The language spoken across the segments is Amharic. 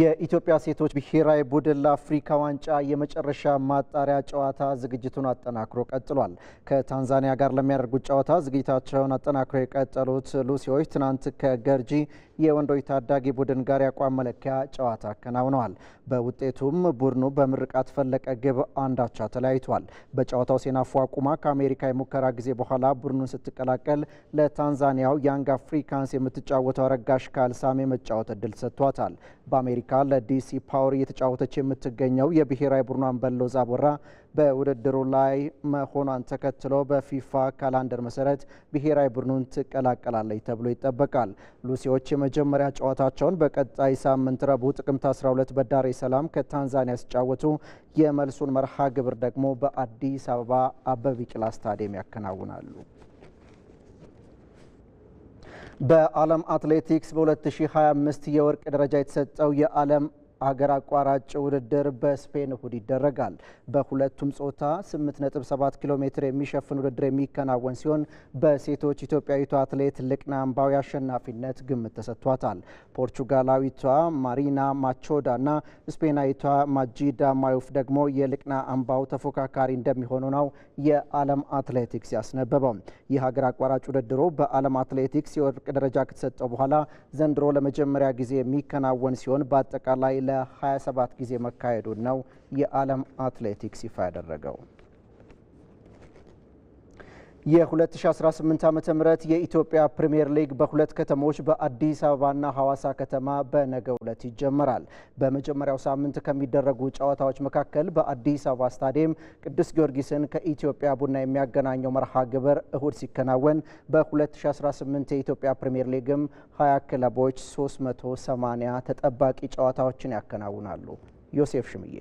የኢትዮጵያ ሴቶች ብሔራዊ ቡድን ለአፍሪካ ዋንጫ የመጨረሻ ማጣሪያ ጨዋታ ዝግጅቱን አጠናክሮ ቀጥሏል። ከታንዛኒያ ጋር ለሚያደርጉት ጨዋታ ዝግጅታቸውን አጠናክሮ የቀጠሉት ሉሲዎች ትናንት ከገርጂ የወንዶች ታዳጊ ቡድን ጋር ያቋም መለኪያ ጨዋታ አከናውነዋል። በውጤቱም ቡድኑ በምርቃት ፈለቀ ግብ አንዳቻ ተለያይቷል። በጨዋታው ሴናፉ አቁማ ከአሜሪካ የሙከራ ጊዜ በኋላ ቡድኑን ስትቀላቀል ለታንዛኒያው ያንግ አፍሪካንስ የምትጫወተው አረጋሽ ካልሳሜ መጫወት እድል ሰጥቷታል። አፍሪካ ለዲሲ ፓወር እየተጫወተች የምትገኘው የብሔራዊ ቡድኗን በሎ ዛቦራ በውድድሩ ላይ መሆኗን ተከትሎ በፊፋ ካላንደር መሰረት ብሔራዊ ቡድኑን ትቀላቀላለች ተብሎ ይጠበቃል። ሉሲዎች የመጀመሪያ ጨዋታቸውን በቀጣይ ሳምንት ረቡዕ ጥቅምት 12 በዳሬ ሰላም ከታንዛኒያ ሲጫወቱ የመልሱን መርሃ ግብር ደግሞ በአዲስ አበባ አበበ ቢቂላ ስታዲየም ያከናውናሉ። በዓለም አትሌቲክስ በ2025 የወርቅ ደረጃ የተሰጠው የዓለም አገር አቋራጭ ውድድር በስፔን እሁድ ይደረጋል። በሁለቱም ጾታ 8.7 ኪሎ ሜትር የሚሸፍን ውድድር የሚከናወን ሲሆን በሴቶች ኢትዮጵያዊቷ አትሌት ልቅና አምባዊ አሸናፊነት ግምት ተሰጥቷታል። ፖርቹጋላዊቷ ማሪና ማቾዳ እና ስፔናዊቷ ማጂዳ ማዩፍ ደግሞ የልቅና አምባው ተፎካካሪ እንደሚሆኑ ነው የዓለም አትሌቲክስ ያስነበበው። ይህ ሀገር አቋራጭ ውድድሩ በዓለም አትሌቲክስ የወርቅ ደረጃ ከተሰጠው በኋላ ዘንድሮ ለመጀመሪያ ጊዜ የሚከናወን ሲሆን በአጠቃላይ ለ27 ጊዜ መካሄዱን ነው የዓለም አትሌቲክስ ይፋ ያደረገው። የ2018 ም የኢትዮጵያ ፕሪምየር ሊግ በሁለት ከተሞች በአዲስ አበባና ሐዋሳ ከተማ በነገ ዕለት ይጀመራል። በመጀመሪያው ሳምንት ከሚደረጉ ጨዋታዎች መካከል በአዲስ አበባ ስታዲየም ቅዱስ ጊዮርጊስን ከኢትዮጵያ ቡና የሚያገናኘው መርሃ ግብር እሁድ ሲከናወን በ2018 የኢትዮጵያ ፕሪምየር ሊግም 20 ክለቦች 380 ተጠባቂ ጨዋታዎችን ያከናውናሉ። ዮሴፍ ሽምዬ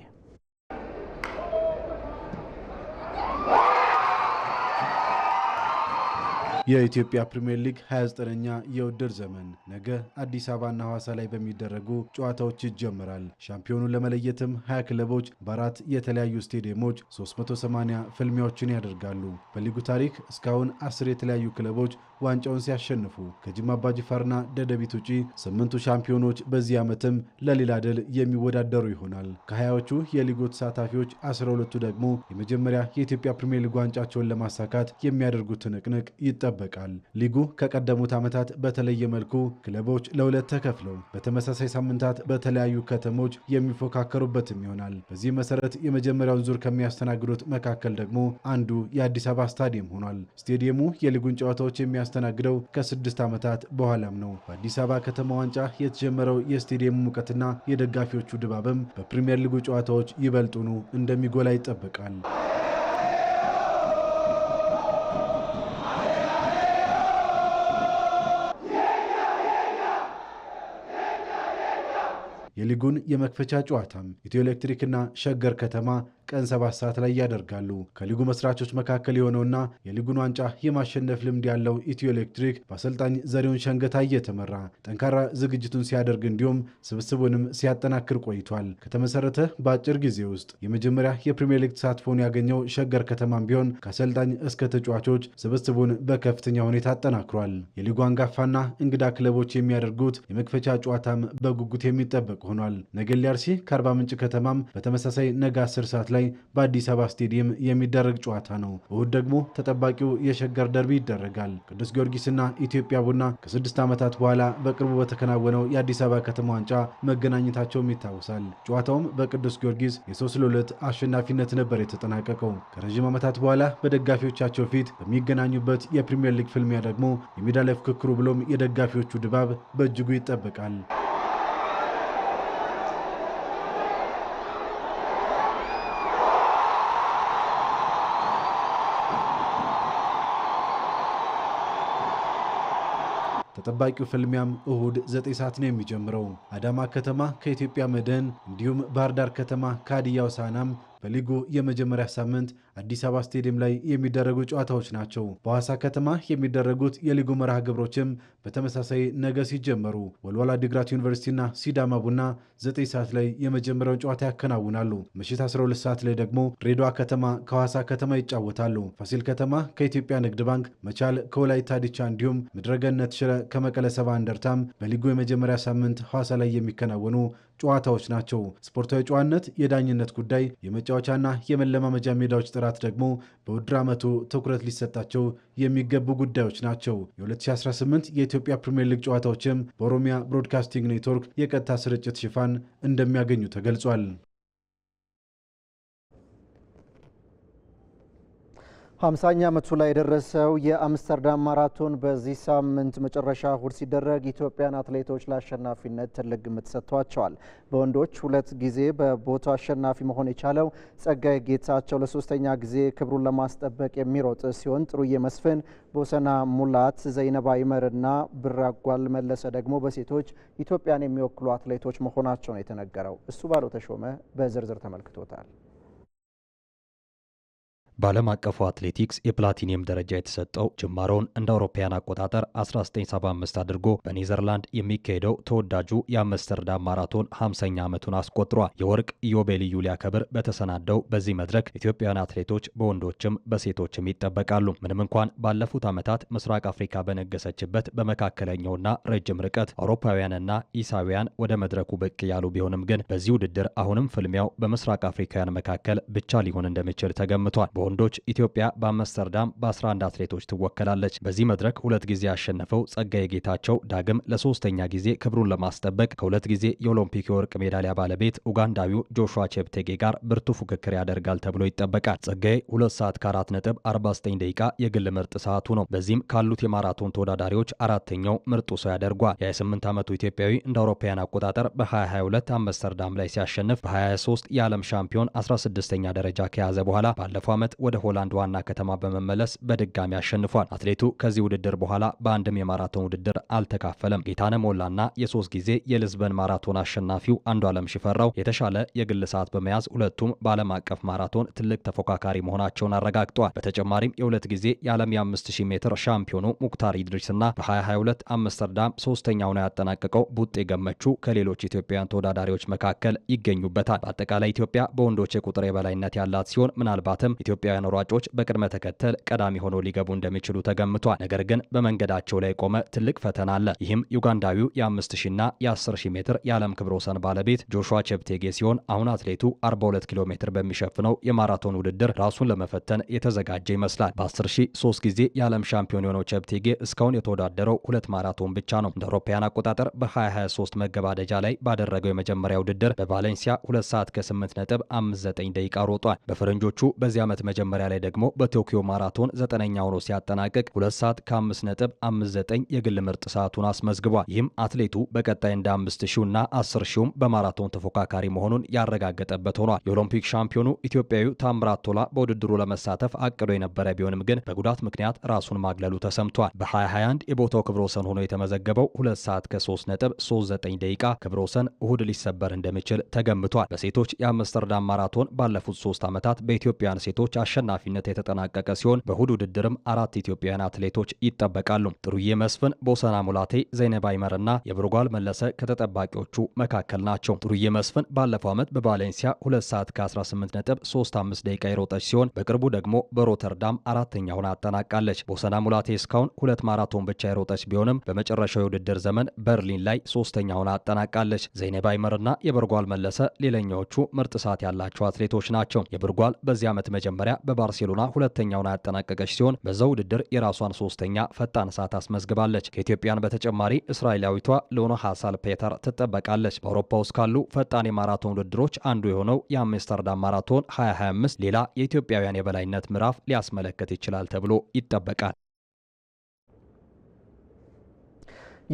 የኢትዮጵያ ፕሪምየር ሊግ 29ኛ የውድድር ዘመን ነገ አዲስ አበባና ሐዋሳ ላይ በሚደረጉ ጨዋታዎች ይጀምራል። ሻምፒዮኑን ለመለየትም 20 ክለቦች በአራት የተለያዩ ስቴዲየሞች 380 ፍልሚያዎችን ያደርጋሉ። በሊጉ ታሪክ እስካሁን አስር የተለያዩ ክለቦች ዋንጫውን ሲያሸንፉ ከጅማ አባጅፋርና ደደቢት ውጪ ስምንቱ ሻምፒዮኖች በዚህ ዓመትም ለሌላ ድል የሚወዳደሩ ይሆናል። ከሀያዎቹ የሊጉ ተሳታፊዎች 12ቱ ደግሞ የመጀመሪያ የኢትዮጵያ ፕሪምየር ሊግ ዋንጫቸውን ለማሳካት የሚያደርጉት ትንቅንቅ ይጠ ይጠበቃል። ሊጉ ከቀደሙት ዓመታት በተለየ መልኩ ክለቦች ለሁለት ተከፍለው በተመሳሳይ ሳምንታት በተለያዩ ከተሞች የሚፎካከሩበትም ይሆናል። በዚህ መሰረት የመጀመሪያውን ዙር ከሚያስተናግዱት መካከል ደግሞ አንዱ የአዲስ አበባ ስታዲየም ሆኗል። ስቴዲየሙ የሊጉን ጨዋታዎች የሚያስተናግደው ከስድስት ዓመታት በኋላም ነው። በአዲስ አበባ ከተማ ዋንጫ የተጀመረው የስቴዲየሙ ሙቀትና የደጋፊዎቹ ድባብም በፕሪምየር ሊጉ ጨዋታዎች ይበልጡኑ እንደሚጎላ ይጠበቃል። የሊጉን የመክፈቻ ጨዋታም ኢትዮ ኤሌክትሪክና ሸገር ከተማ ቀን ሰባት ሰዓት ላይ ያደርጋሉ። ከሊጉ መስራቾች መካከል የሆነውና የሊጉን ዋንጫ የማሸነፍ ልምድ ያለው ኢትዮ ኤሌክትሪክ በአሰልጣኝ ዘሬውን ሸንገታ እየተመራ ጠንካራ ዝግጅቱን ሲያደርግ እንዲሁም ስብስቡንም ሲያጠናክር ቆይቷል። ከተመሰረተ በአጭር ጊዜ ውስጥ የመጀመሪያ የፕሪምየር ሊግ ተሳትፎን ያገኘው ሸገር ከተማም ቢሆን ከአሰልጣኝ እስከ ተጫዋቾች ስብስቡን በከፍተኛ ሁኔታ አጠናክሯል። የሊጉ አንጋፋና እንግዳ ክለቦች የሚያደርጉት የመክፈቻ ጨዋታም በጉጉት የሚጠበቅ ሆኗል። ነገሌ አርሲ ከአርባ ምንጭ ከተማም በተመሳሳይ ነገ 10 ሰዓት ላይ ላይ በአዲስ አበባ ስቴዲየም የሚደረግ ጨዋታ ነው። እሁድ ደግሞ ተጠባቂው የሸገር ደርቢ ይደረጋል። ቅዱስ ጊዮርጊስና ኢትዮጵያ ቡና ከስድስት ዓመታት በኋላ በቅርቡ በተከናወነው የአዲስ አበባ ከተማ ዋንጫ መገናኘታቸውም ይታወሳል። ጨዋታውም በቅዱስ ጊዮርጊስ የሶስት ለሁለት አሸናፊነት ነበር የተጠናቀቀው። ከረዥም ዓመታት በኋላ በደጋፊዎቻቸው ፊት በሚገናኙበት የፕሪምየር ሊግ ፍልሚያ ደግሞ የሜዳ ላይ ፍክክሩ ብሎም የደጋፊዎቹ ድባብ በእጅጉ ይጠበቃል። ተጠባቂው ፍልሚያም እሁድ 9 ሰዓት ነው የሚጀምረው። አዳማ ከተማ ከኢትዮጵያ መድን እንዲሁም ባህር ዳር ከተማ ከሀዲያ ሆሳዕናም በሊጉ የመጀመሪያ ሳምንት አዲስ አበባ ስቴዲየም ላይ የሚደረጉ ጨዋታዎች ናቸው። በሐዋሳ ከተማ የሚደረጉት የሊጉ መርሃ ግብሮችም በተመሳሳይ ነገ ሲጀመሩ ወልዋላ ዲግራት ዩኒቨርሲቲና ሲዳማ ቡና 9 ሰዓት ላይ የመጀመሪያውን ጨዋታ ያከናውናሉ። ምሽት 12 ሰዓት ላይ ደግሞ ድሬዳዋ ከተማ ከሐዋሳ ከተማ ይጫወታሉ። ፋሲል ከተማ ከኢትዮጵያ ንግድ ባንክ፣ መቻል ከወላይታ ዲቻ እንዲሁም ምድረገነት ሽረ ከመቀለ ሰባ እንደርታም በሊጉ የመጀመሪያ ሳምንት ሐዋሳ ላይ የሚከናወኑ ጨዋታዎች ናቸው። ስፖርታዊ ጨዋነት የዳኝነት ጉዳይ፣ የመጫወቻና የመለማመጃ ሜዳዎች ጥራት ደግሞ በውድድር ዓመቱ ትኩረት ሊሰጣቸው የሚገቡ ጉዳዮች ናቸው። የ2018 የኢትዮጵያ ፕሪምየር ሊግ ጨዋታዎችም በኦሮሚያ ብሮድካስቲንግ ኔትወርክ የቀጥታ ስርጭት ሽፋን እንደሚያገኙ ተገልጿል። ሀምሳኛ ዓመቱ ላይ የደረሰው የአምስተርዳም ማራቶን በዚህ ሳምንት መጨረሻ እሁድ ሲደረግ ኢትዮጵያን አትሌቶች ለአሸናፊነት ትልቅ ግምት ሰጥቷቸዋል። በወንዶች ሁለት ጊዜ በቦታ አሸናፊ መሆን የቻለው ጸጋይ ጌታቸው ለሶስተኛ ጊዜ ክብሩን ለማስጠበቅ የሚሮጥ ሲሆን ጥሩዬ መስፍን፣ ቦሰና ሙላት፣ ዘይነባ ይመርና ብራጓል መለሰ ደግሞ በሴቶች ኢትዮጵያን የሚወክሉ አትሌቶች መሆናቸው ነው የተነገረው። እሱ ባለው ተሾመ በዝርዝር ተመልክቶታል። በዓለም አቀፉ አትሌቲክስ የፕላቲኒየም ደረጃ የተሰጠው ጅማሮውን እንደ አውሮፓውያን አቆጣጠር 1975 አድርጎ በኔዘርላንድ የሚካሄደው ተወዳጁ የአምስተርዳም ማራቶን 50ኛ ዓመቱን አስቆጥሯል። የወርቅ ኢዮቤልዩ ሊያከብር በተሰናደው በዚህ መድረክ ኢትዮጵያውያን አትሌቶች በወንዶችም በሴቶችም ይጠበቃሉ። ምንም እንኳን ባለፉት ዓመታት ምስራቅ አፍሪካ በነገሰችበት በመካከለኛውና ረጅም ርቀት አውሮፓውያንና ኢሳውያን ወደ መድረኩ ብቅ ያሉ ቢሆንም ግን በዚህ ውድድር አሁንም ፍልሚያው በምስራቅ አፍሪካውያን መካከል ብቻ ሊሆን እንደሚችል ተገምቷል። በወንዶች ኢትዮጵያ በአምስተርዳም በ11 አትሌቶች ትወከላለች። በዚህ መድረክ ሁለት ጊዜ ያሸነፈው ጸጋዬ ጌታቸው ዳግም ለሶስተኛ ጊዜ ክብሩን ለማስጠበቅ ከሁለት ጊዜ የኦሎምፒክ የወርቅ ሜዳሊያ ባለቤት ኡጋንዳዊው ጆሹዋ ቼፕቴጌ ጋር ብርቱ ፉክክር ያደርጋል ተብሎ ይጠበቃል። ጸጋዬ ሁለት ሰዓት ከአራት ነጥብ 49 ደቂቃ የግል ምርጥ ሰዓቱ ነው። በዚህም ካሉት የማራቶን ተወዳዳሪዎች አራተኛው ምርጡ ሰው ያደርጓል። የ28 ዓመቱ ኢትዮጵያዊ እንደ አውሮፓውያን አቆጣጠር በ2022 አምስተርዳም ላይ ሲያሸንፍ በ23 የዓለም ሻምፒዮን 16ኛ ደረጃ ከያዘ በኋላ ባለፈው ዓመት ወደ ሆላንድ ዋና ከተማ በመመለስ በድጋሚ አሸንፏል። አትሌቱ ከዚህ ውድድር በኋላ በአንድም የማራቶን ውድድር አልተካፈለም። ጌታነ ሞላና የሶስት ጊዜ የልዝበን ማራቶን አሸናፊው አንዱ ዓለም ሽፈራው የተሻለ የግል ሰዓት በመያዝ ሁለቱም በዓለም አቀፍ ማራቶን ትልቅ ተፎካካሪ መሆናቸውን አረጋግጠዋል። በተጨማሪም የሁለት ጊዜ የዓለም የ5000 ሜትር ሻምፒዮኑ ሙክታር ኢድሪስና በ2022 አምስተርዳም ሶስተኛ ሆነው ያጠናቀቀው ቡጤ ገመቹ ከሌሎች ኢትዮጵያውያን ተወዳዳሪዎች መካከል ይገኙበታል። በአጠቃላይ ኢትዮጵያ በወንዶች የቁጥር የበላይነት ያላት ሲሆን ምናልባትም ኢትዮጵያውያን ሯጮች በቅድመ ተከተል ቀዳሚ ሆነው ሊገቡ እንደሚችሉ ተገምቷል። ነገር ግን በመንገዳቸው ላይ የቆመ ትልቅ ፈተና አለ። ይህም ዩጋንዳዊው የ5000ና የ10000 ሜትር የዓለም ክብረ ወሰን ባለቤት ጆሹዋ ቼፕቴጌ ሲሆን አሁን አትሌቱ 42 ኪሎ ሜትር በሚሸፍነው የማራቶን ውድድር ራሱን ለመፈተን የተዘጋጀ ይመስላል። በ10000 ሶስት ጊዜ የዓለም ሻምፒዮን የሆነው ቼፕቴጌ እስካሁን የተወዳደረው ሁለት ማራቶን ብቻ ነው። እንደ አውሮፓውያን አቆጣጠር በ2023 መገባደጃ ላይ ባደረገው የመጀመሪያ ውድድር በቫሌንሲያ 2 ሰዓት ከ8 ነጥብ 59 ደቂቃ ሮጧል። በፈረንጆቹ በዚህ ዓመት መጀመሪያ ላይ ደግሞ በቶኪዮ ማራቶን ዘጠነኛ ሆኖ ሲያጠናቅቅ ሁለት ሰዓት ከአምስት ነጥብ አምስት ዘጠኝ የግል ምርጥ ሰዓቱን አስመዝግቧል። ይህም አትሌቱ በቀጣይ እንደ አምስት ሺው እና አስር ሺውም በማራቶን ተፎካካሪ መሆኑን ያረጋገጠበት ሆኗል። የኦሎምፒክ ሻምፒዮኑ ኢትዮጵያዊ ታምራት ቶላ በውድድሩ ለመሳተፍ አቅዶ የነበረ ቢሆንም ግን በጉዳት ምክንያት ራሱን ማግለሉ ተሰምቷል። በ2021 የቦታው ክብረ ወሰን ሆኖ የተመዘገበው ሁለት ሰዓት ከ3 ነጥብ 39 ደቂቃ ክብረ ወሰን እሁድ ሊሰበር እንደሚችል ተገምቷል። በሴቶች የአምስተርዳም ማራቶን ባለፉት ሶስት ዓመታት በኢትዮጵያውያን ሴቶች አሸናፊነት የተጠናቀቀ ሲሆን በእሁድ ውድድርም አራት ኢትዮጵያውያን አትሌቶች ይጠበቃሉ። ጥሩዬ መስፍን፣ ቦሰና ሙላቴ፣ ዘይነብ ና የብርጓል መለሰ ከተጠባቂዎቹ መካከል ናቸው። ጥሩዬ መስፍን ባለፈው ዓመት በቫሌንሲያ 2 ሰዓት ከ18 ነጥብ 35 ደቂቃ የሮጠች ሲሆን በቅርቡ ደግሞ በሮተርዳም አራተኛ ሆና አጠናቃለች። ቦሰና ሙላቴ እስካሁን ሁለት ማራቶን ብቻ የሮጠች ቢሆንም በመጨረሻው የውድድር ዘመን በርሊን ላይ ሶስተኛ ሆና አጠናቃለች። ዘይነብ አይመርና የብርጓል መለሰ ሌላኛዎቹ ምርጥ ሰዓት ያላቸው አትሌቶች ናቸው። የብርጓል በዚህ ዓመት መጀመሪያ መጀመሪያ በባርሴሎና ሁለተኛውን ያጠናቀቀች ሲሆን በዛ ውድድር የራሷን ሶስተኛ ፈጣን ሰዓት አስመዝግባለች። ከኢትዮጵያን በተጨማሪ እስራኤላዊቷ ሎና ሀሳል ፔተር ትጠበቃለች። በአውሮፓ ውስጥ ካሉ ፈጣን የማራቶን ውድድሮች አንዱ የሆነው የአምስተርዳም ማራቶን 2025 ሌላ የኢትዮጵያውያን የበላይነት ምዕራፍ ሊያስመለክት ይችላል ተብሎ ይጠበቃል።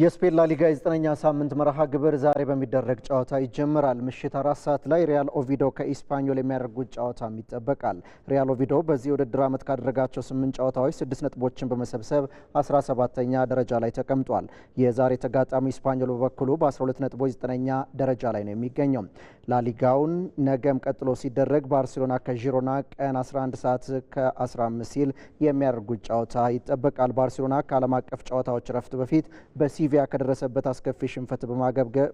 የስፔን ላሊጋ የዘጠነኛ ሳምንት መርሃ ግብር ዛሬ በሚደረግ ጨዋታ ይጀምራል። ምሽት አራት ሰዓት ላይ ሪያል ኦቪዶ ከኢስፓኞል የሚያደርጉት ጨዋታም ይጠበቃል። ሪያል ኦቪዶ በዚህ የውድድር ዓመት ካደረጋቸው ስምንት ጨዋታዎች ስድስት ነጥቦችን በመሰብሰብ 17 ሰባተኛ ደረጃ ላይ ተቀምጧል። የዛሬ ተጋጣሚ ኢስፓኞል በበኩሉ በ12 ነጥቦች ዘጠነኛ ደረጃ ላይ ነው የሚገኘው። ላሊጋውን ነገም ቀጥሎ ሲደረግ ባርሴሎና ከዢሮና ቀን 11 ሰዓት ከ15 ሲል የሚያደርጉት ጨዋታ ይጠበቃል። ባርሴሎና ከዓለም አቀፍ ጨዋታዎች ረፍት በፊት በሲ ሊቢያ ከደረሰበት አስከፊ ሽንፈት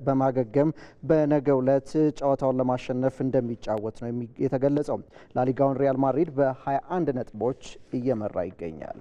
በማገገም በነገው ዕለት ጨዋታውን ለማሸነፍ እንደሚጫወት ነው የተገለጸው። ላሊጋውን ሪያል ማድሪድ በ21 ነጥቦች እየመራ ይገኛል።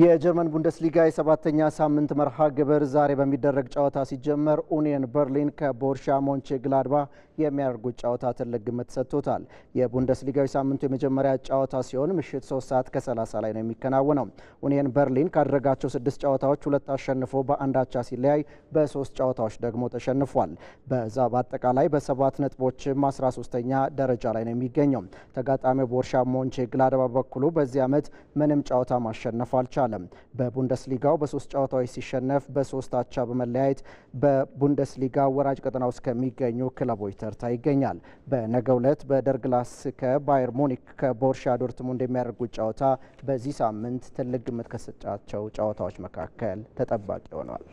የጀርመን ቡንደስሊጋ የሰባተኛ ሳምንት መርሃ ግብር ዛሬ በሚደረግ ጨዋታ ሲጀመር ኡኒየን በርሊን ከቦርሻ ሞንቼ ግላድባ የሚያደርጉት ጨዋታ ትልቅ ግምት ሰጥቶታል። የቡንደስሊጋዊ ሳምንቱ የመጀመሪያ ጨዋታ ሲሆን ምሽት 3 ሰዓት ከ30 ላይ ነው የሚከናወነው። ኡኒየን በርሊን ካደረጋቸው ስድስት ጨዋታዎች ሁለት አሸንፎ በአንዳቻ ሲለያይ በሶስት ጨዋታዎች ደግሞ ተሸንፏል። በዛ በአጠቃላይ በሰባት ነጥቦችም 13ተኛ ደረጃ ላይ ነው የሚገኘው። ተጋጣሚው ቦርሻ ሞንቼ ግላድባ በኩሉ በዚህ ዓመት ምንም ጨዋታ ማሸነፍ አልቻል አልቻለም። በቡንደስሊጋው በሶስት ጨዋታዎች ሲሸነፍ በሶስት አቻ በመለያየት በቡንደስሊጋ ወራጅ ቀጠና ውስጥ ከሚገኙ ክለቦች ተርታ ይገኛል። በነገው ዕለት በደርግላስ ከባየር ሙኒክ ከቦርሻ ዶርትሙንድ የሚያደርጉት ጨዋታ በዚህ ሳምንት ትልቅ ግምት ከሰጫቸው ጨዋታዎች መካከል ተጠባቂ ሆኗል።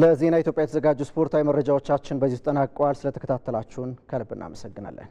ለዜና ኢትዮጵያ የተዘጋጁ ስፖርታዊ መረጃዎቻችን በዚህ ተጠናቀዋል። ስለተከታተላችሁን ከልብ እናመሰግናለን።